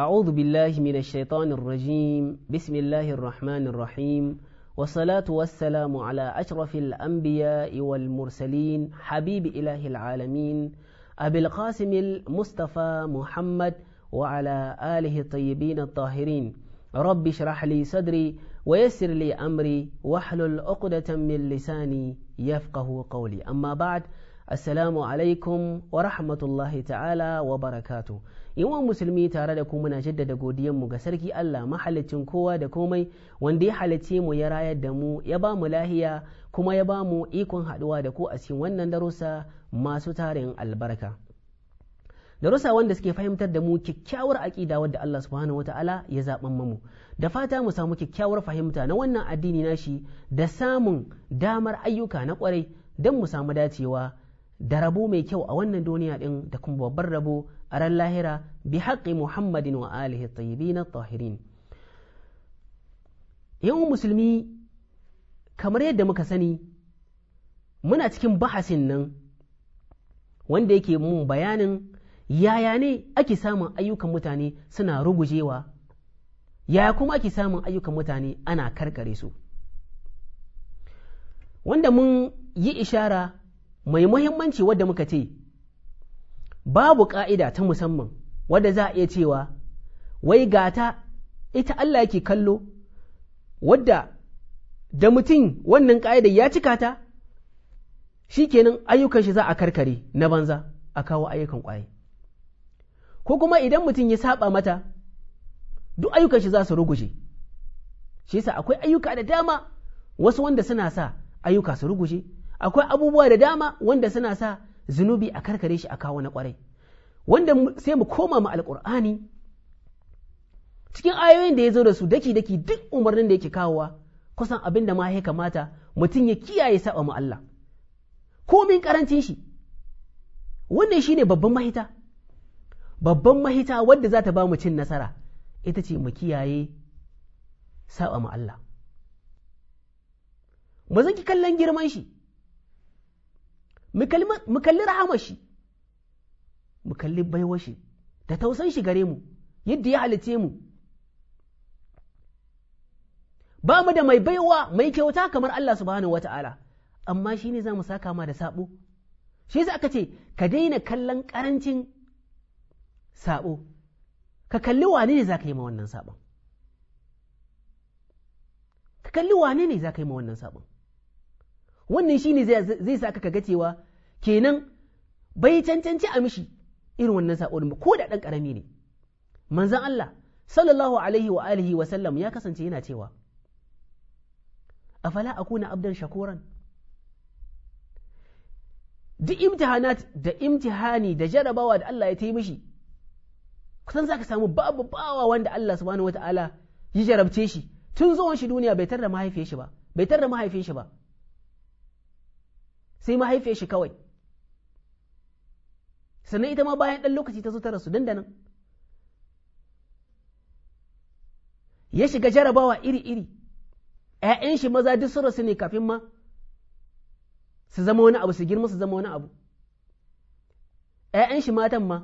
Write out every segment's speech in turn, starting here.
أعوذ بالله من الشيطان الرجيم بسم الله الرحمن الرحيم والصلاة والسلام على أشرف الأنبياء والمرسلين حبيب إله العالمين أبي القاسم المصطفى محمد وعلى آله الطيبين الطاهرين رب اشرح لي صدري ويسر لي أمري واحلل عقدة من لساني يفقه قولي أما بعد assalamu alaikum wa rahmatullahi ta'ala wa barakatu yawan musulmi tare da ku muna jaddada mu ga sarki Allah mahalicin kowa da komai wanda ya halice mu ya rayar da mu ya ba mu lahiya kuma ya ba mu ikon haduwa da ku a cikin wannan darussa masu tarin albarka darussa wanda suke fahimtar da mu kyakkyawar aƙida wadda Allah subhanahu ta'ala ya zaɓan mu da fata mu samu kyakkyawar fahimta na wannan addini nashi da samun damar ayyuka na kwarai don mu samu dacewa da rabo mai kyau a wannan duniya din da kuma babbar rabo a ran lahira bi haƙƙi muhammadin wa alihi na tahirin yawan musulmi kamar yadda muka sani muna cikin bahasin nan wanda yake mun bayanin yaya ne ake samun ayyukan mutane suna rugujewa yaya kuma ake samun ayyukan mutane ana karkare su wanda mun yi ishara mai muhimmanci wadda muka ce babu ƙa'ida ta musamman wadda za a iya cewa wai gata ita Allah yake kallo wadda da mutum wannan ƙa'idar ya cika ta shi kenan ayyukan shi za a karkare na banza a kawo ayyukan ƙwaye ko kuma idan mutum ya saba mata duk ayyukan shi za su ruguje shi yasa akwai ayyuka da dama wasu wanda suna sa ayyuka su ruguje akwai abubuwa da dama wanda suna sa zunubi a karkare shi a kawo na kwarai wanda sai mu koma mu alƙur'ani cikin ayoyin da ya zo da su daki daki duk umarnin da yake kawowa kusan abin da ma ya kamata mutum ya kiyaye saba mu Allah komin karancin shi wannan shine babban mahita babban mahita wadda za ta ba mu cin nasara ita ce mu kiyaye saba mu Allah mu zaki kallon girman shi mu kalli rahama shi mu kalli baiwa shi da tausan shi gare mu yadda ya halice mu ba mu da mai baiwa mai kyauta kamar Allah subhanahu wata'ala amma shi ne za mu saka ma da sabo shi za aka ce ka daina kallon karancin sabo ka kalli wane ne za ka yi ma wannan sabon ka kalli wane ne za ka yi ma wannan sabon wannan ne zai sa ka ga cewa kenan bai cancanci a mishi irin wannan sa'o'in ba ko da ɗan ƙarami ne manzan Allah sallallahu alaihi wa alihi wa sallam ya kasance yana cewa afala akuna abdan shakuran duk imtihanat da imtihani da jarabawa da Allah ya ta yi mishi kusan za ka samu babu bawa wanda Allah subhanahu wa ta'ala ya jarabce shi tun zuwan shi duniya bai tarda mahaifiyar shi ba bai shi ba sai mahaifiyar shi kawai sannan ita ma bayan ɗan lokaci ta zo ta rasu dandanan ya shiga jarabawa iri-iri ‘ya'yan shi maza duk sun rasu ne kafin ma su zama wani abu su girma su zama wani abu ‘ya'yan shi matan ma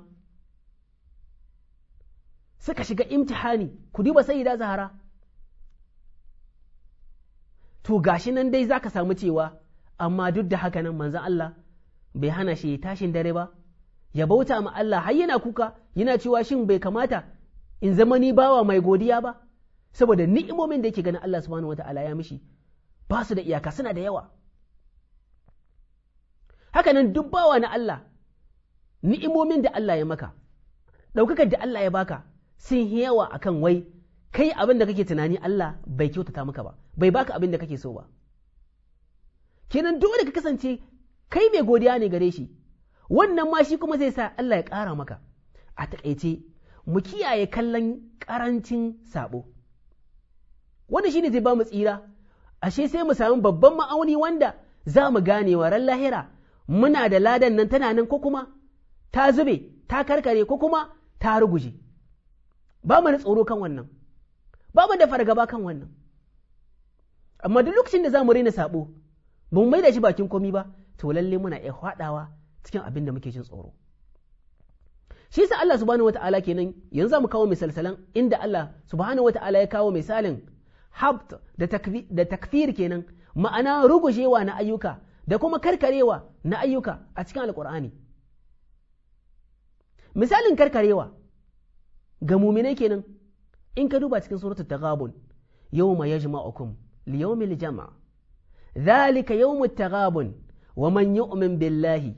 suka shiga imtihani ku duba sai da zahara to gashi nan dai zaka samu cewa amma duk da haka nan manzan Allah bai hana shi tashin dare ba ya bauta ma Allah har yana kuka yana cewa shin bai kamata in zama ni bawa mai godiya ba saboda ni'imomin da yake ganin Allah subhanahu wata'ala ya mishi ba su da iyaka suna da yawa haka nan duk bawa na Allah ni'imomin da Allah ya maka ɗaukakar da Allah ya baka sun yawa akan wai kai abin da kake tunani Allah bai kyautata maka ba bai baka abin da kake so ba kenan dole ka kasance kai mai godiya ne gare shi wannan ma shi kuma zai sa Allah ya kara maka a taƙaice mu kiyaye kallon ƙarancin sabo wannan shine zai ba mu tsira ashe sai mu sami babban ma'auni wanda za mu gane wa ran lahira muna da ladan nan tana nan ko kuma ta zube ta karkare ko kuma ta ruguje ba mu da tsoro kan wannan ba mu da fargaba kan wannan amma duk lokacin da za mu raina saɓo. ba mu maida shi bakin komi ba to lalle muna iya faɗawa cikin abin da muke jin tsoro shi yasa Allah subhanahu wata'ala kenan yanzu za mu kawo misalsalan inda Allah subhanahu wata'ala ya kawo misalin habt da takfir kenan ma'ana rugujewa na ayyuka da kuma karkarewa na ayyuka a cikin alkur'ani misalin karkarewa ga muminai kenan in ka duba cikin suratul taghabun yawma yajma'ukum liyawmil jama'a. ذلك يوم التغابن ومن يؤمن بالله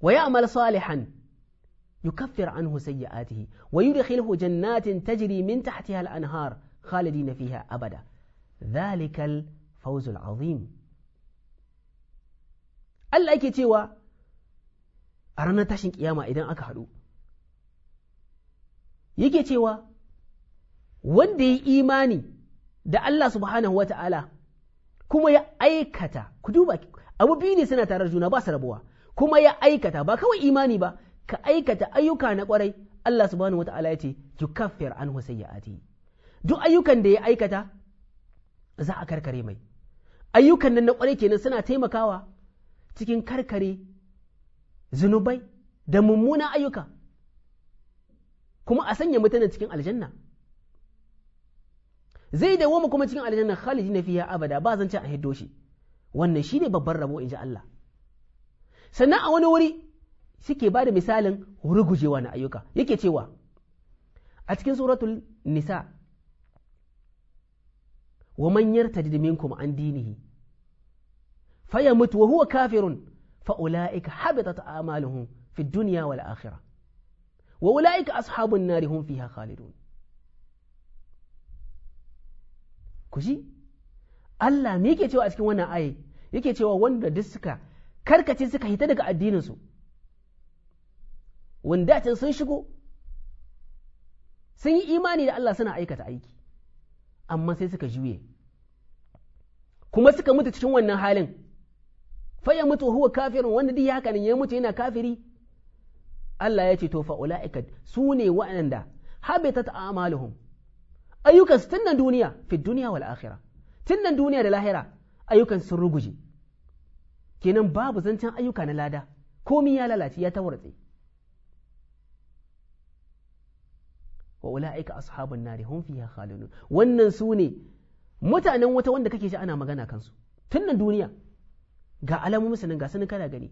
ويعمل صالحا يكفر عنه سيئاته ويدخله جنات تجري من تحتها الأنهار خالدين فيها أبدا ذلك الفوز العظيم Allah yake cewa a ranar tashin kiyama idan aka haɗu yake cewa wanda ya imani da Allah subhanahu wa ta'ala kuma ya aikata ku duba abu biyu ne suna tare juna ba su rabuwa kuma ya aikata ba kawai imani ba ka aikata ayyuka na kwarai Allah subhanahu wa ta'ala ya ce yukaffir an sayyi'ati duk ayyukan da ya aikata za a karkare mai ayyukan nan na kwarai kenan suna taimakawa cikin karkare zunubai da mummunan ayyuka kuma a sanya mutane cikin aljanna zai mu kuma cikin aljanna khalidin fiha abada ba zancen a hiddo shi wannan shine babban rabo inji Allah sannan a wani wuri suke ba da misalin rugujewa na ayyuka yake cewa a cikin suratul nisa wa man yartadid minkum an dinihi fayamut wa huwa kafirun fa ulaika habitat a'maluhum fi dunya wal akhirah wa ulaika ashabun nari hum fiha khalidun ku ji Allah me yake cewa a cikin wannan aye yake cewa wanda duk suka karkace suka hita daga addininsu wanda can sun shigo sun yi imani da Allah suna aikata aiki amma sai suka juye kuma suka mutu cikin wannan halin faya mutu huwa kafirin wanda duk haka ya mutu yana kafiri Allah ya ce to fa ulaika su ne waɗanda habitat ta amaluhum ayyukan su tun duniya fi duniya wal akhira tun duniya da lahira ayyukan sun ruguje kenan babu zancen ayyuka na lada komi ya lalace ya tawartse wa ula'ika ashabun nari hum fiha khalidun wannan su ne mutanen wata wanda kake ji ana magana kansu tun duniya ga alamomin sanin ga sanin kana gani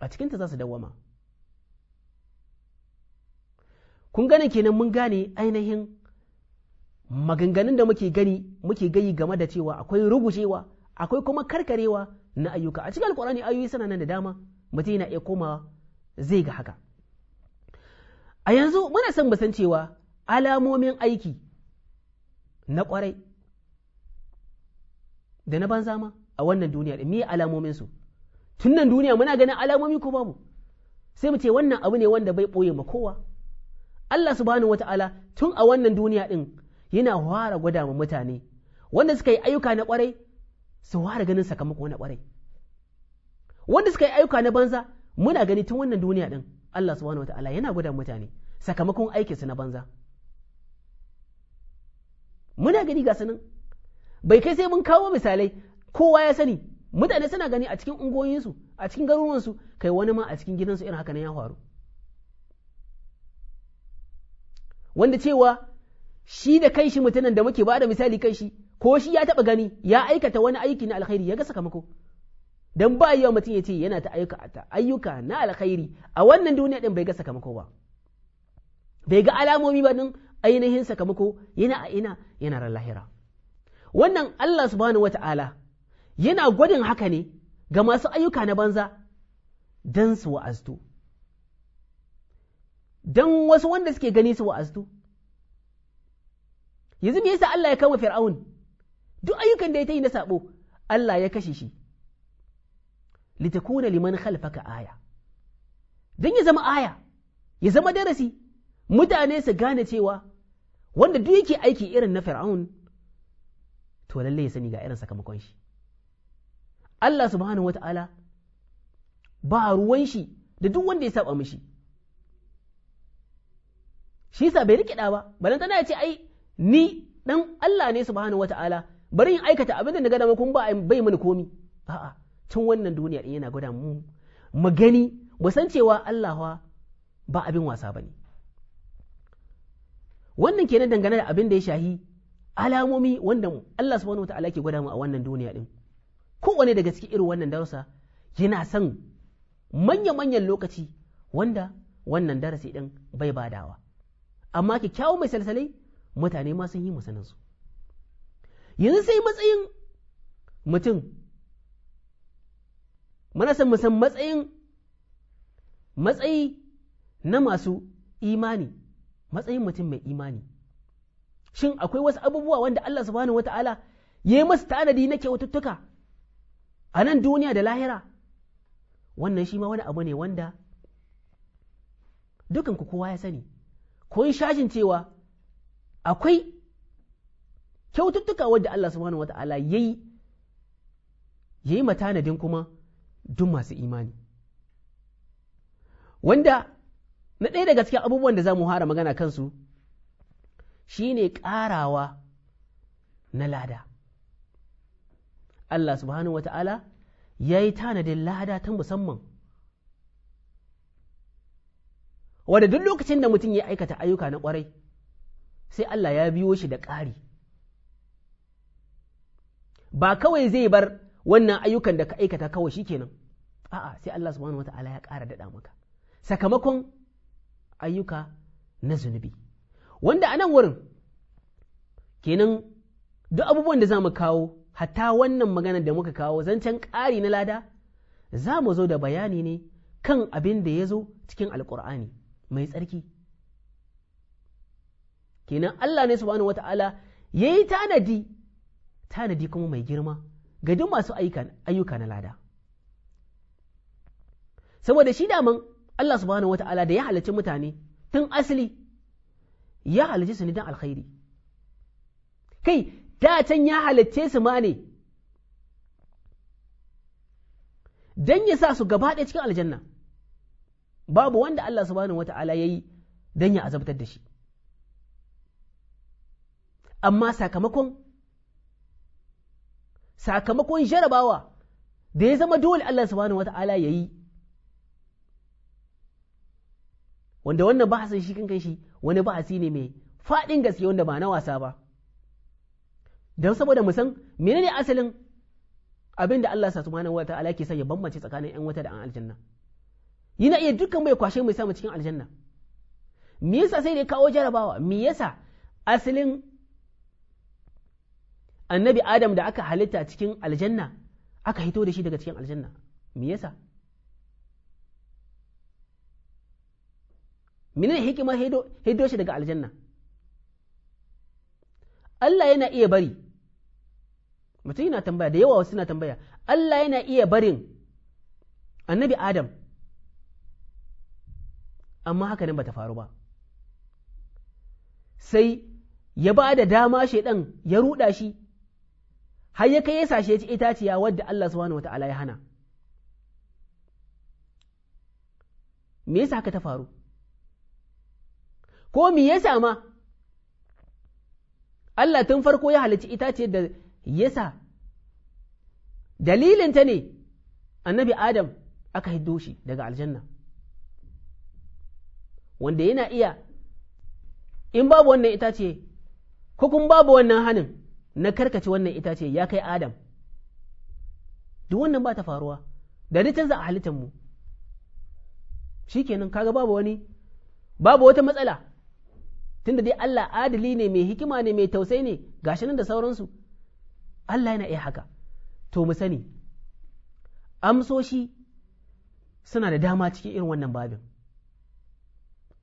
a cikinta za su dawwama kun gane kenan mun gane ainihin maganganun da muke gani muke gayi game da cewa akwai rugujewa akwai kuma karkarewa na ayyuka a cikin alkurani ayoyi suna nan da dama mutum yana iya komawa zai ga haka a yanzu muna san san cewa alamomin aiki na kwarai da na banza ma a wannan duniya da me alamomin su tun nan duniya muna ganin alamomi ko babu sai mu ce wannan abu ne wanda bai ɓoye ma kowa Allah subhanahu wata'ala tun a wannan duniya ɗin yana ware gwada ma mutane wanda suka yi ayyuka na kwarai su ware ganin sakamako na kwarai wanda suka yi ayyuka na banza muna gani tun wannan duniya ɗin Allah subhanahu wata'ala yana gwada mutane sakamakon su na banza muna gani ga sanin bai kai sai mun kawo misalai kowa ya sani mutane suna gani a cikin ungoyinsu a cikin garuruwansu kai wani ma a cikin gidansu irin haka nan ya faru wanda cewa shi da kai shi mutumin da muke ba da misali kanshi ko shi ya taɓa gani ya aikata wani aiki na alkhairi ya ga sakamako dan ba yawa mutum ya ce yana ta ayyuka ayyuka na alkhairi a wannan duniya din bai ga sakamako ba bai ga alamomi ba din ainihin sakamako yana a ina yana ran lahira wannan Allah subhanahu wata'ala yana gwadin haka ne ga masu ayyuka na banza dan su wa'aztu don wasu wanda suke gani su wa'aztu yanzu me yasa Allah ya kama fir'aun duk ayyukan da ya yi na sabo Allah ya kashe shi litakuna liman khalfaka aya don ya zama aya ya zama darasi mutane su gane cewa wanda duk yake aiki irin na fir'aun to lallai ya sani ga irin sakamakon shi Allah subhanahu wata'ala ba ruwan shi da duk wanda ya saba mishi shi sa bai rikida ba balan na ce ai ni dan Allah ne subhanahu wataala bari in aikata abin da na gada kun ba bai mani komi a'a tun wannan duniya din yana gwada mu mu gani mu san cewa Allah ba abin wasa bane wannan kenan dangane da abin da ya shahi alamomi wanda Allah subhanahu wataala ke gwada mu a wannan duniya din kowane daga cikin irin wannan darasa yana son manya-manyan lokaci wanda wannan darasi din bai badawa amma kyakkyawan mai salsalai mutane ma sun yi musaninsu yanzu sai matsayin mutum muna san musan matsayin matsayi na masu imani matsayin mutum mai imani shin akwai wasu abubuwa wanda Allah subhanahu wata'ala ya yi masu tanadi na ke kyaututtuka a nan duniya da lahira wannan shi ma wani abu ne wanda dukanku kowa ya sani yi shashin cewa akwai kyaututtuka wadda Allah subhanahu wata'ala yayi yi matanadin kuma duk masu imani wanda na ɗaya daga cikin abubuwan da za mu hara magana kansu shine ƙarawa na lada Allah subhanahu wata'ala ya yi tanadin lada ta musamman wanda duk lokacin da mutum ya aikata ayyuka na kwarai sai Allah ya biyo shi da ƙari ba kawai zai bar wannan ayyukan da ka aikata kawai shi kenan a'a sai Allah subhanahu wata'ala ya ƙara daɗa maka sakamakon ayyuka na zunubi wanda a nan wurin kenan duk abubuwan da za mu kawo hatta wannan magana da muka kawo zancen ƙari na lada za mu zo da bayani ne kan abin da ya zo cikin alƙur'ani mai tsarki kenan Allah ne subhanahu wata'ala ya yi tanadi tanadi kuma mai girma ga duk masu ayyuka na lada saboda shi daman Allah subhanahu wata'ala da ya halarci mutane tun asali ya halarci su ne don alkhairi kai da can ya halarce su ma ne don ya sa su gaba ɗaya cikin aljanna babu wanda Allah subhanahu wata'ala yi don ya azabtar da shi amma sakamakon sakamakon jarabawa da ya zama dole Allah subhanahu wata'ala yi wanda wannan bahasin shi kankan shi wani bahasi ne mai faɗin gaske wanda ba na wasa ba don saboda mu san menene asalin abin da Allah subhanahu wata'ala ke son ya bambance tsakanin 'yan wata da an aljanna yana iya dukkan mai kwashe mai samu cikin aljanna me yasa sai da ya kawo jarabawa me yasa asalin annabi adam da aka halitta cikin aljanna aka hito da shi daga cikin aljanna me yasa mene hikimar hido shi daga aljanna Allah yana iya bari mutum yana tambaya da yawa wasu suna tambaya Allah yana iya barin annabi Adam amma haka nan bata faru ba sai ya ba da dama shaidan ya ruɗa shi har ya kai ya sashe itaciya wadda Allah subhanahu wata'ala ya hana me yasa haka ta faru ko me yasa ma Allah tun farko ya halicci itaciyar da yasa dalilinta ne annabi Adam aka hiddo shi daga aljanna wanda yana iya in babu wannan itace ko kun babu wannan hanin na karkace wannan itace ya kai adam duk wannan ba ta faruwa da ni canza a halittarmu. mu kenan kaga babu wani babu wata matsala tunda dai Allah adali ne mai hikima ne mai tausayi ne gashi nan da sauransu Allah yana iya haka to mu sani amsoshi suna da dama cikin irin wannan babin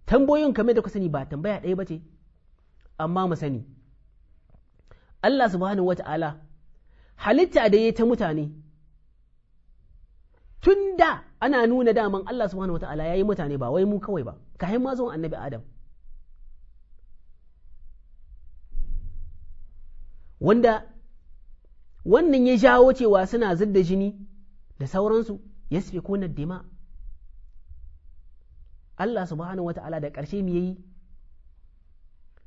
tambayoyin kamar da ku sani ba tambaya ɗaya ba ce amma mu sani Allah subhanahu wata'ala halitta da ya ta mutane tun da ana nuna daman Allah subhanahu wata'ala ya yi mutane ba wai mu kawai ba kayan ma zuwan annabi Adam wanda wannan ya jawo cewa suna zidda jini da sauransu ya sufe konar dima Allah subhanahu wata'ala da ƙarshe ya yi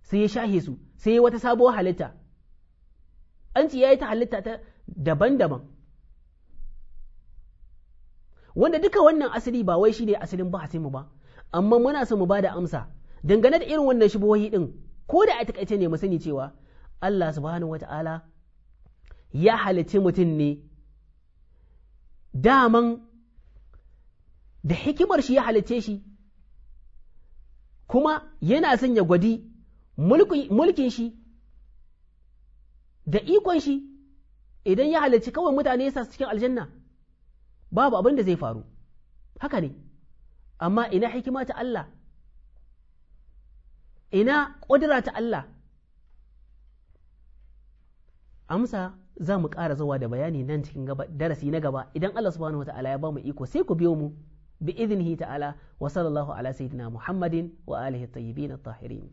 sai ya shahe su sai ya wata sabuwar halitta an ci ya yi ta halitta ta daban-daban wanda duka wannan asali ba wai shine asalin ba mu ba amma muna so mu ba da amsa dangane da irin wannan shubohi din ko da a takaice ne mu sani cewa Allah subhanahu wata'ala ya halicci mutum ne daman da hikimar shi ya halicce shi kuma yana son ya gwadi mulkin shi da ikon shi idan ya halarci kawai mutane ya su cikin aljanna babu abin da zai faru haka ne amma ina hikima ta Allah ina ƙudura ta Allah amsa za mu ƙara zuwa da bayani nan cikin darasi na gaba idan Allah subhanahu wa ta'ala ya ba mu iko sai ku biyo mu bi idnihi ta'ala wa sallallahu ala sayyidina muhammadin wa alihi tayyibin at-tahirin